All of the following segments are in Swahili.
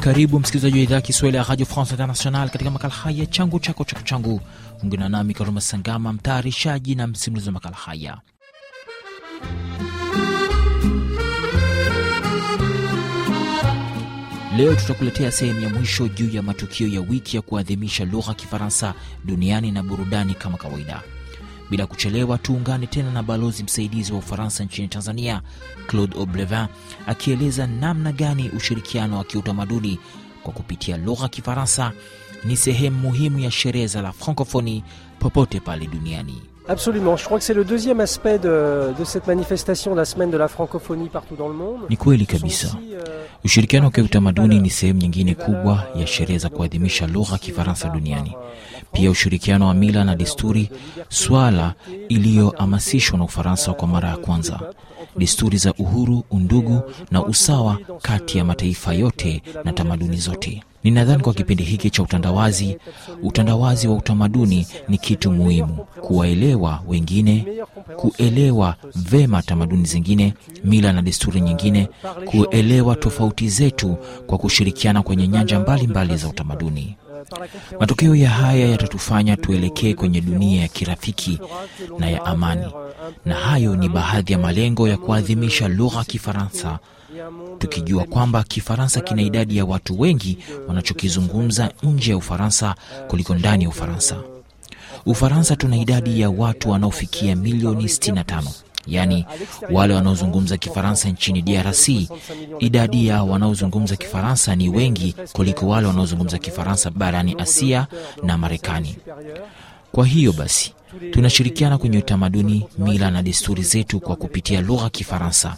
Karibu msikilizaji wa idhaa ya Kiswahili ya Radio France International katika makala haya changu chako chako changu. Ungana nami Karuma Sangama, mtayarishaji na msimulizi wa makala haya. Leo tutakuletea sehemu ya mwisho juu ya matukio ya wiki ya kuadhimisha lugha Kifaransa duniani na burudani kama kawaida. Bila kuchelewa, tuungane tena na balozi msaidizi wa Ufaransa nchini Tanzania, Claude Oblevin, akieleza namna gani ushirikiano wa kiutamaduni kwa kupitia lugha ya Kifaransa ni sehemu muhimu ya sherehe za la francophoni popote pale duniani. Absolument, je crois que c'est le deuxième aspect de, de cette manifestation la semaine de la francophonie partout dans le monde. Ni kweli kabisa. Euh, ushirikiano wa kiutamaduni ni sehemu nyingine kubwa euh, ya sherehe za kuadhimisha lugha ya Kifaransa duniani. Pia ushirikiano wa mila na desturi, swala iliyohamasishwa na Ufaransa kwa mara ya kwanza. Desturi za uhuru, undugu euh, na usawa kati ya mataifa yote na tamaduni zote. Ninadhani kwa kipindi hiki cha utandawazi, utandawazi wa utamaduni ni kitu muhimu, kuwaelewa wengine, kuelewa vema tamaduni zingine, mila na desturi nyingine, kuelewa tofauti zetu kwa kushirikiana kwenye nyanja mbalimbali mbali za utamaduni. Matokeo ya haya yatatufanya tuelekee kwenye dunia ya kirafiki na ya amani, na hayo ni baadhi ya malengo ya kuadhimisha lugha Kifaransa, tukijua kwamba Kifaransa kina idadi ya watu wengi wanachokizungumza nje ya Ufaransa kuliko ndani ya Ufaransa. Ufaransa tuna idadi ya watu wanaofikia milioni 65 yaani wale wanaozungumza Kifaransa nchini DRC, idadi ya wanaozungumza Kifaransa ni wengi kuliko wale wanaozungumza Kifaransa barani Asia na Marekani. Kwa hiyo basi tunashirikiana kwenye utamaduni, mila na desturi zetu kwa kupitia lugha Kifaransa.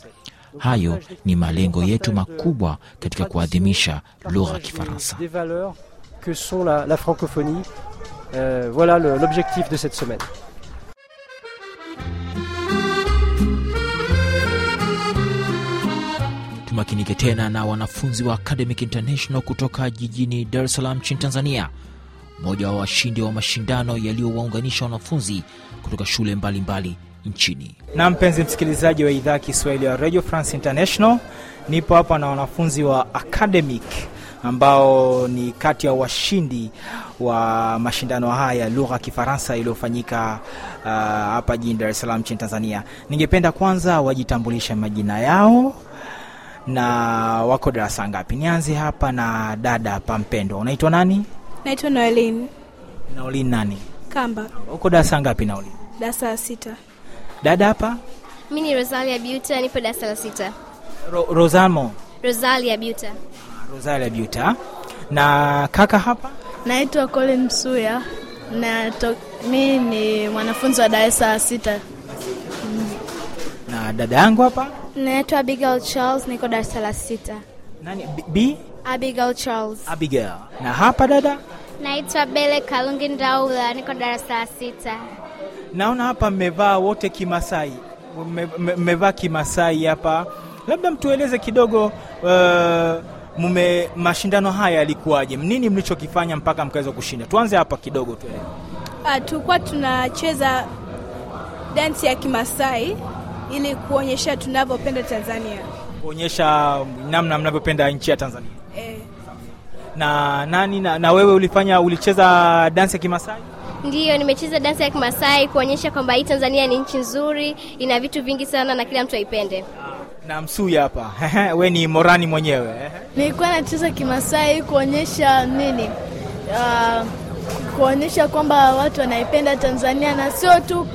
Hayo ni malengo yetu makubwa katika kuadhimisha lugha Kifaransa. que sont la, la francophonie. Euh, voilà l'objectif de cette semaine. tumakinike tena na wanafunzi wa Academic International kutoka jijini Dar es Salaam nchini Tanzania, mmoja wa washindi wa mashindano yaliyowaunganisha wanafunzi kutoka shule mbalimbali mbali nchini. Na mpenzi msikilizaji wa idhaa Kiswahili ya Radio France International, nipo hapa na wanafunzi wa Academic ambao ni kati ya washindi wa mashindano haya lugha ya Kifaransa iliyofanyika hapa uh, jijini dares salam chini nchini Tanzania. Ningependa kwanza wajitambulishe majina yao na wako darasa ngapi? Nianze hapa na dada hapa mpendo unaitwa nani? Naitwa Noelin. Noelin nani? Kamba. Uko darasa ngapi Noelin? Darasa la sita. Dada hapa? Mi ni Rosalia Buta, nipo darasa la sita. Ro Rosamo. Rosalia Buta. Rosalia Buta. Na kaka hapa? Naitwa Colin Msuya na mi ni mwanafunzi wa darasa la sita. Mm dada yangu hapa. Naitwa Abigail Charles, niko darasa la sita. Nani? B? Abigail Charles. Abigail. Na hapa dada? Naitwa Bele Kalungi Ndaula, niko darasa la sita. Naona hapa mmevaa wote Kimasai, mmevaa Kimasai hapa. Labda mtueleze kidogo uh, mume mashindano haya yalikuwaje? Nini mlichokifanya mpaka mkaweza kushinda? Tuanze hapa kidogo tu. Uh, tulikuwa tunacheza dansi ya Kimasai ili kuonyesha tunavyopenda Tanzania, kuonyesha namna mnavyopenda nchi ya Tanzania e. Na nani na, na wewe ulifanya ulicheza dansi ya Kimasai? Ndiyo, nimecheza dansi ya Kimasai kuonyesha kwamba hii Tanzania ni nchi nzuri, ina vitu vingi sana na kila mtu aipende. Na msui hapa we ni morani mwenyewe. Nilikuwa nacheza Kimasai kuonyesha nini, uh, kuonyesha kwamba watu wanaipenda Tanzania na sio tu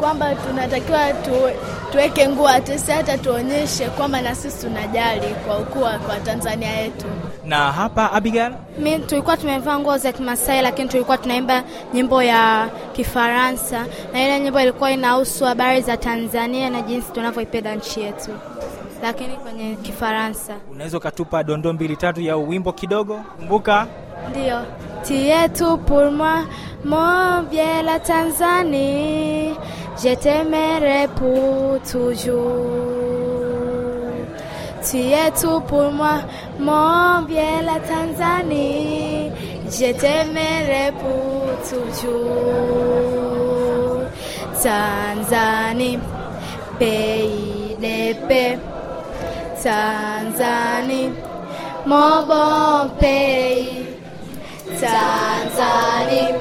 kwamba tunatakiwa tu tuweke nguo atesi, hata tuonyeshe kwamba na sisi tunajali kwa ukuwa kwa Tanzania yetu. Na hapa Abigail, mi tulikuwa tumevaa nguo za Kimasai, lakini tulikuwa tunaimba nyimbo ya Kifaransa na ile nyimbo ilikuwa inahusu habari za Tanzania na jinsi tunavyoipenda nchi yetu lakini kwenye Kifaransa. Unaweza ukatupa dondoo mbili tatu ya wimbo kidogo? Kumbuka ndio ti yetu pour moi mon la Tanzanie Je t'aimerai pour toujours. Tu es tout pour moi, mon bien la Tanzanie. Je t'aimerai pour toujours. Tanzanie, pays de paix. Tanzanie, mon bon pays. Tanzanie.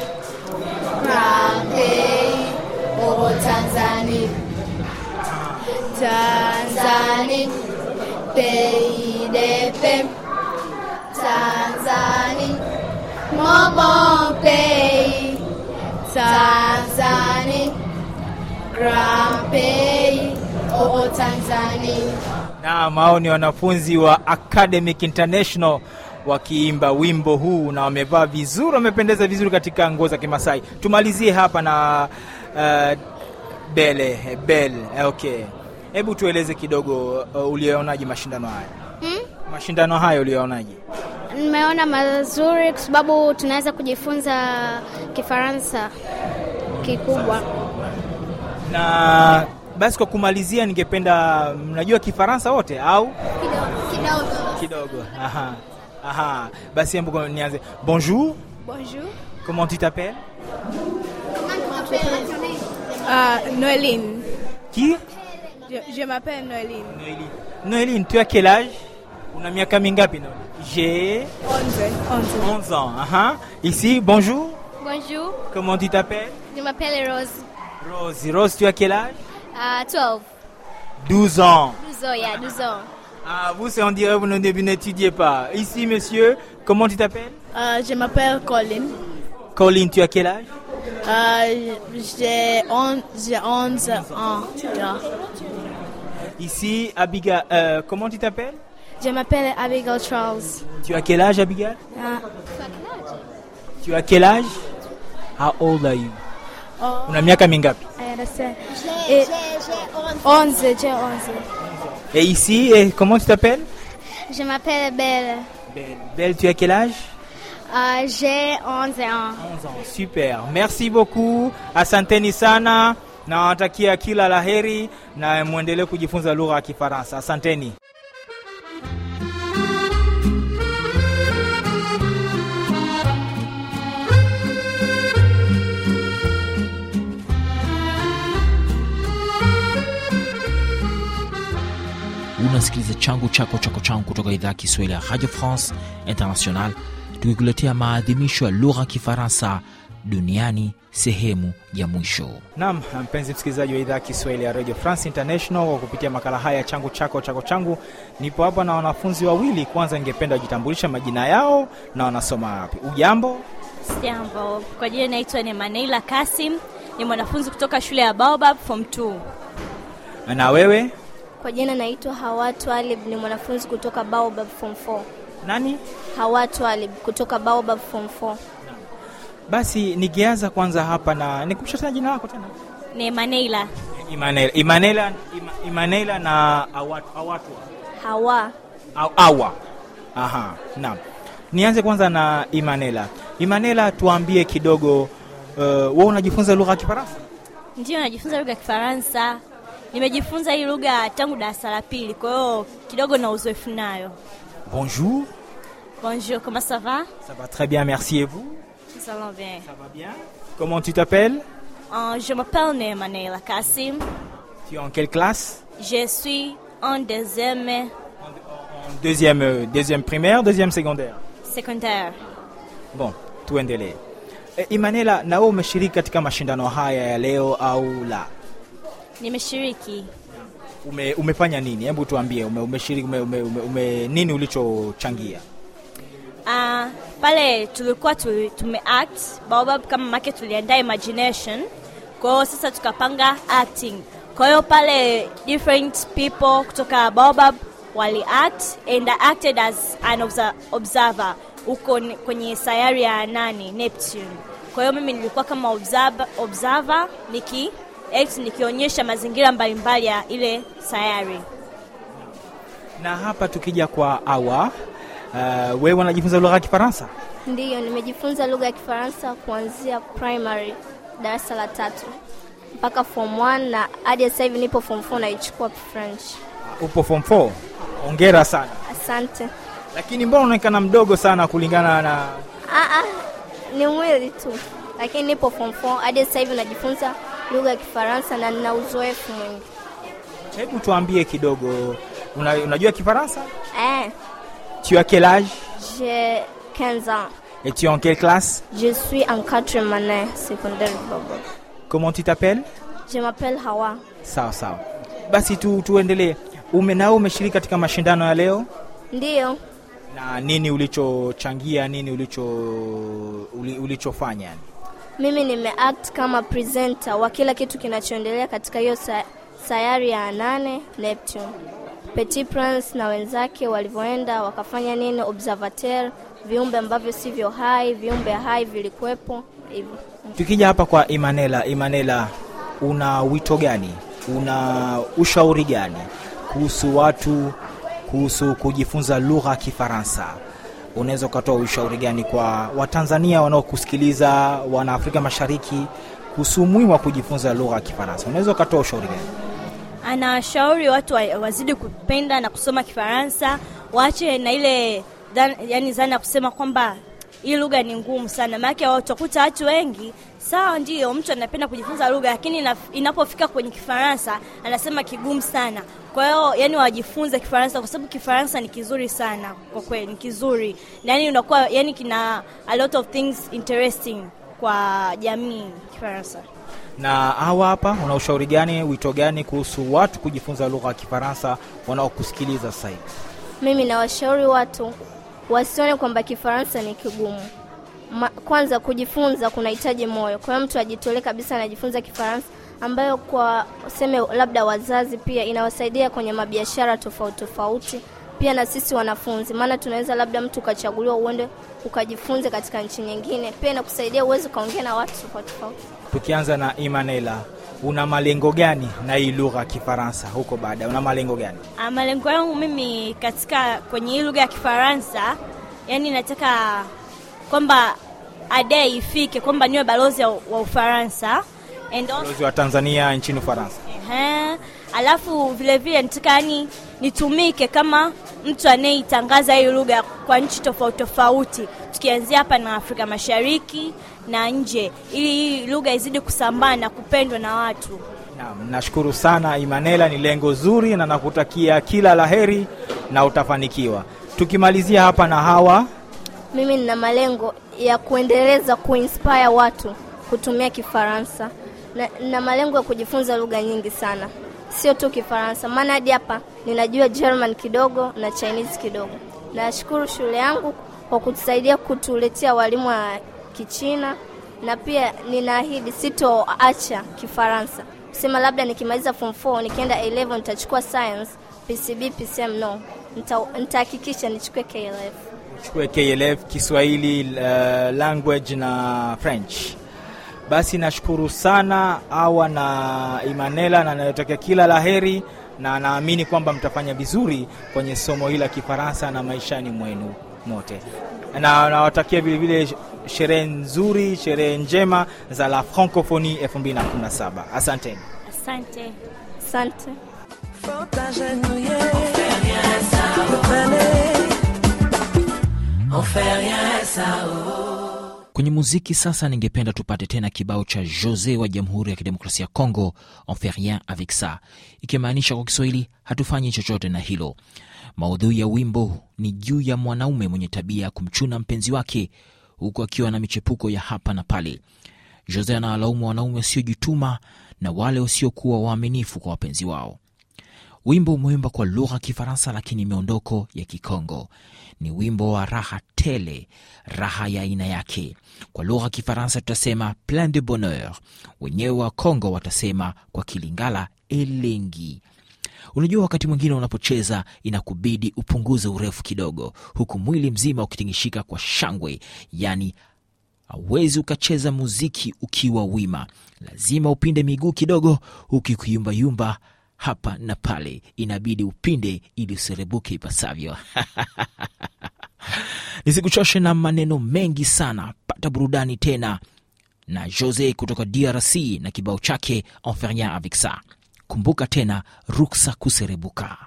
Rampeyi Tanzania. hao ni wanafunzi wa Academic International wakiimba wimbo huu na wamevaa vizuri, wamependeza vizuri katika nguo za Kimasai. Tumalizie hapa na uh, bele bel. Okay, hebu tueleze kidogo, uh, ulionaje mashindano haya hmm? Mashindano haya ulioonaji Nimeona mazuri, kwa sababu tunaweza kujifunza Kifaransa kikubwa. na basi kwa kumalizia, ningependa mnajua Kifaransa wote au kidogo kidogo? Aha, aha, basi hebu nianze. Bonjour, bonjour, comment tu t'appelles? Uh, Noeline. Qui? Je, je m'appelle Noeline. Noeline. Noeline, tu as quel âge? Una miaka mingapi Noeline? J'ai 11 ans. 11 ans. Aha. Ici, bonjour. Bonjour. Comment tu t'appelles? Je m'appelle Rose. Rose, tu as quel âge Ah, 12. 12 ans. 12 ans, yeah, 12 ans. Ah, vous, on dirait vous n'étudiez pas. Ici, monsieur, comment tu t'appelles euh, Je m'appelle Colin. Colin, tu as quel âge euh, J'ai 11, ans. Ici, Abigail, euh, comment tu t'appelles Je m'appelle Abigail Charles. Tu as quel âge, Abigail ah. Tu as quel âge How old are you Una miaka mingapi? Eh, et... 11, ici, et eh, comment tu t'appelles Je m'appelle Belle. Belle. tu as quel âge euh, J'ai 11 ans. 11 ans, super. Merci beaucoup. Asanteni sana. nissana kila laheri na mwendelee kujifunza lugha ya Kifaransa. Asanteni. unasikiliza changu chako chako changu kutoka idhaa ya Kiswahili ya Radio France International, tukikuletea maadhimisho ya lugha Kifaransa duniani sehemu ya mwisho. nam mpenzi msikilizaji wa idhaa ya Kiswahili ya Radio France International, kwa kupitia makala haya changu chako chako changu, nipo hapa na wanafunzi wawili. Kwanza ningependa wajitambulisha majina yao na wanasoma wapi. Ujambo? jambo Kwa jina naitwa Nemaneila Kasim, ni mwanafunzi kutoka shule ya Baobab form 2. Na wewe? Kwa jina naitwa Hawa Twalib, ni mwanafunzi kutoka Baobab Form 4. Nani? Hawa Twalib kutoka Baobab Form 4. Basi nigeanza kwanza hapa na nikumbusha tena jina lako tena. Ni Manela. Imanela, Imanela, Imanela na awatu, awatu. Hawa. Awa. Aha, naam. Nianze kwanza na Imanela. Imanela, tuambie kidogo, uh, wewe unajifunza lugha ya Kifaransa? Ndio, najifunza lugha ya Kifaransa. nimejifunza hii lugha tangu darasa la kwa hiyo kidogo na uzoefu Bonjour. Bonjour, comment ça va? Ça va très bien, merci. Et vous? Ça va bien. Ça va bien. Comment tu t'appelles? Euh, je m'appelle Nemanela Kassim. Tu es en quelle classe? Je suis en deuxième. En, deuxième, euh, deuxième primaire, deuxième secondaire? Secondaire. Bon, tout eh, Imanela, na wewe umeshiriki katika mashindano haya ya leo au la? Nimeshiriki. Ume, umefanya nini? Hebu tuambie ume, umeshiriki ume, ume, ume, nini ulichochangia? Uh, pale tulikuwa tu, tumeact Baobab kama make tuliandaa imagination, kwa hiyo sasa tukapanga acting. Kwa hiyo pale different people kutoka Baobab wali act and I acted as an observer huko kwenye sayari ya nani Neptune. Kwa hiyo mimi nilikuwa kama observer, observer niki eti nikionyesha mazingira mbalimbali ya ile sayari. Na hapa tukija kwa awa, uh, wewe unajifunza lugha ya Kifaransa? Ndiyo, nimejifunza lugha ya Kifaransa kuanzia primary darasa la tatu mpaka form 1 na hadi sasa hivi nipo form 4 naichukua French. Upo form 4? Hongera sana. Asante. Lakini mbona unaonekana mdogo sana kulingana na... Aa, ah, ah, ni mwili tu, lakini nipo form 4 hadi sasa hivi najifunza lugha ya Kifaransa na nina uzoefu mwingi. Hebu tuambie kidogo, una, unajua Kifaransa? Eh. Tu as quel âge? je 15 ans. Et tu es en quelle classe? Je suis en 4e année secondaire Comment tu t'appelles? Je m'appelle Hawa. Sawa sawa. Basi tu tuendelee. Ume nao umeshiriki katika mashindano ya leo? Ndio. Na nini ulichochangia, nini ulicho ulichofanya uli, mimi nimeact kama presenter wa kila kitu kinachoendelea katika hiyo sayari ya nane Neptune. Petit Prince na wenzake walivyoenda wakafanya nini, observateur, viumbe ambavyo sivyo hai, viumbe hai vilikuwepo hivyo. Tukija hapa kwa Imanela, Imanela, una wito gani, una ushauri gani kuhusu watu, kuhusu kujifunza lugha ya Kifaransa? unaweza ukatoa ushauri gani kwa Watanzania wanaokusikiliza wana Afrika Mashariki kuhusu umuhimu wa kujifunza lugha ya Kifaransa? Unaweza ukatoa ushauri gani? Anawashauri watu wazidi kupenda na kusoma Kifaransa, waache na ile yani zana ya kusema kwamba hii lugha ni ngumu sana, maanake utakuta watu wengi sawa, ndio mtu anapenda kujifunza lugha, lakini inapofika kwenye Kifaransa anasema kigumu sana. Kwa hiyo yani wajifunze Kifaransa kwa sababu Kifaransa ni kizuri sana kwa kweli, ni kizuri yani unakuwa yani kina a lot of things interesting kwa jamii Kifaransa. Na hawa hapa, una ushauri gani, wito gani kuhusu watu kujifunza lugha ya Kifaransa wanaokusikiliza sasa hivi? Mimi nawashauri watu wasione kwamba Kifaransa ni kigumu. Ma, kwanza kujifunza kunahitaji moyo. Kwa hiyo mtu ajitolee kabisa anajifunza Kifaransa ambayo kwa seme labda wazazi pia inawasaidia kwenye mabiashara tofauti tofauti, pia na sisi wanafunzi, maana tunaweza labda mtu ukachaguliwa uende ukajifunze katika nchi nyingine, pia inakusaidia uweze ukaongea na watu tofauti tofauti. Tukianza na Imanela, una malengo gani na hii lugha ya Kifaransa huko baadaye, una malengo gani? Ah, malengo yangu mimi katika kwenye hii lugha ya Kifaransa, yani nataka kwamba adai ifike kwamba niwe balozi wa Ufaransa balozi wa Tanzania nchini Ufaransa. Ehe, alafu vilevile nitakani nitumike kama mtu anayeitangaza hii lugha kwa nchi tofauti tofauti, tukianzia hapa na Afrika Mashariki na nje, ili hii lugha izidi kusambaa na kupendwa na watu. Naam, nashukuru sana Imanela, ni lengo zuri na nakutakia kila laheri na utafanikiwa. Tukimalizia hapa na Hawa, mimi nina malengo ya kuendeleza kuinspire watu kutumia Kifaransa na, na malengo ya kujifunza lugha nyingi sana, sio tu Kifaransa, maana hadi hapa ninajua German kidogo na Chinese kidogo. Nashukuru shule yangu kwa kutusaidia kutuletea walimu wa Kichina na pia ninaahidi sitoacha Kifaransa. Sema labda nikimaliza form 4 nikienda 11 nitachukua science PCB PCM, no, nitahakikisha nichukue KLF, chukue KLF Kiswahili, uh, language na French. Basi nashukuru sana awa na Imanela na nayotokea kila laheri, na naamini kwamba mtafanya vizuri kwenye somo hili la Kifaransa na maishani mwenu mote, na nawatakia vilevile sherehe nzuri, sherehe njema za la Francophonie 2017. Asanteni, asante, asante. asante. Kwenye muziki sasa, ningependa tupate tena kibao cha Jose wa Jamhuri ya Kidemokrasia ya congo enferien avec sa ikimaanisha kwa Kiswahili hatufanyi chochote na hilo. Maudhui ya wimbo ni juu ya mwanaume mwenye tabia ya kumchuna mpenzi wake, huku akiwa na michepuko ya hapa na pale. Jose anawalaumu wanaume wasiojituma na wale wasiokuwa waaminifu kwa wapenzi wao. Wimbo umeimba kwa lugha ya Kifaransa, lakini miondoko ya Kikongo ni wimbo wa raha tele, raha ya aina yake. Kwa lugha ya Kifaransa tutasema plein de bonheur, wenyewe wa Kongo watasema kwa Kilingala elengi. Unajua, wakati mwingine unapocheza inakubidi upunguze urefu kidogo, huku mwili mzima ukitingishika kwa shangwe. Yani hauwezi ukacheza muziki ukiwa wima, lazima upinde miguu kidogo, huku ukiyumbayumba hapa na pale, inabidi upinde ili userebuke ipasavyo. Nisikuchoshe na maneno mengi sana, pata burudani tena na Jose kutoka DRC na kibao chake Enfernia avec ça. Kumbuka tena ruksa kuserebuka.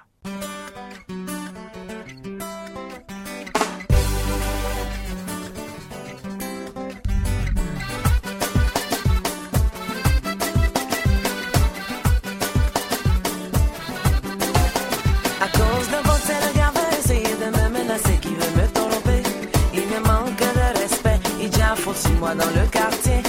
Suis-moi dans le quartier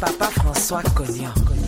Papa François Cognac.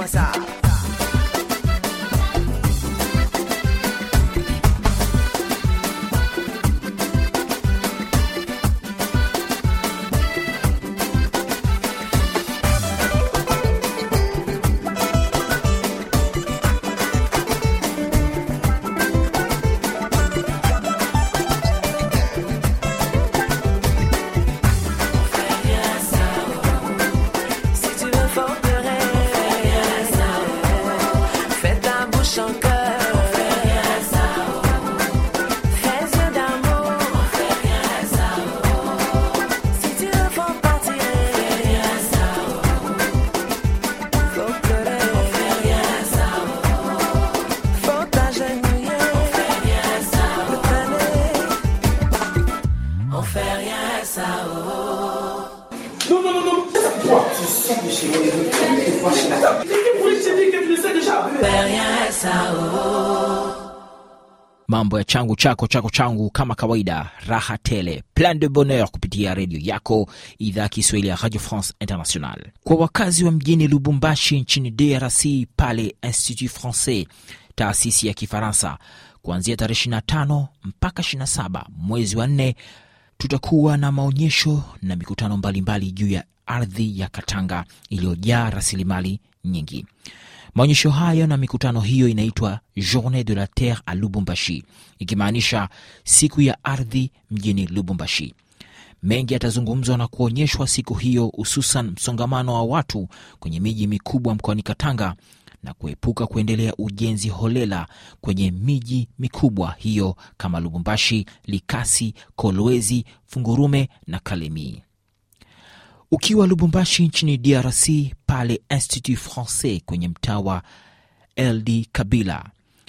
massage. Mambo ya changu chako chako changu, kama kawaida, raha tele, plan de bonheur, kupitia redio yako idhaa ya Kiswahili ya Radio France International. Kwa wakazi wa mjini Lubumbashi nchini DRC, pale Institut Francais, taasisi ya Kifaransa, kuanzia tarehe 25 mpaka 27 mwezi wa nne, tutakuwa na maonyesho na mikutano mbalimbali juu ya ardhi ya Katanga iliyojaa rasilimali nyingi. Maonyesho hayo na mikutano hiyo inaitwa Journee de la Terre a Lubumbashi, ikimaanisha siku ya ardhi mjini Lubumbashi. Mengi yatazungumzwa na kuonyeshwa siku hiyo, hususan msongamano wa watu kwenye miji mikubwa mkoani Katanga na kuepuka kuendelea ujenzi holela kwenye miji mikubwa hiyo kama Lubumbashi, Likasi, Kolwezi, Fungurume na Kalemie. Ukiwa Lubumbashi nchini DRC, pale Institut Francais kwenye mtaa wa LD Kabila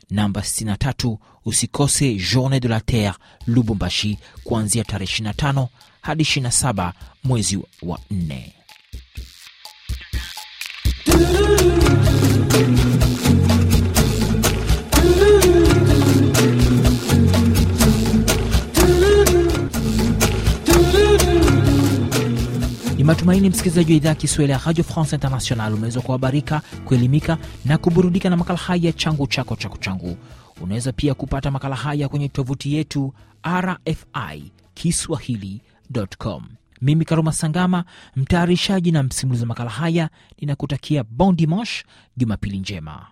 namba 63, usikose Journee de la Terre Lubumbashi kuanzia tarehe 25 hadi 27 mwezi wa 4. Natumaini msikilizaji wa idhaa Kiswahili ya Radio France International umeweza kuhabarika, kuelimika na kuburudika na makala haya changu chako chako changu. Unaweza pia kupata makala haya kwenye tovuti yetu RFI Kiswahili.com. Mimi karuma Sangama, mtayarishaji na msimulizi wa makala haya, ninakutakia bon dimanche, Jumapili njema.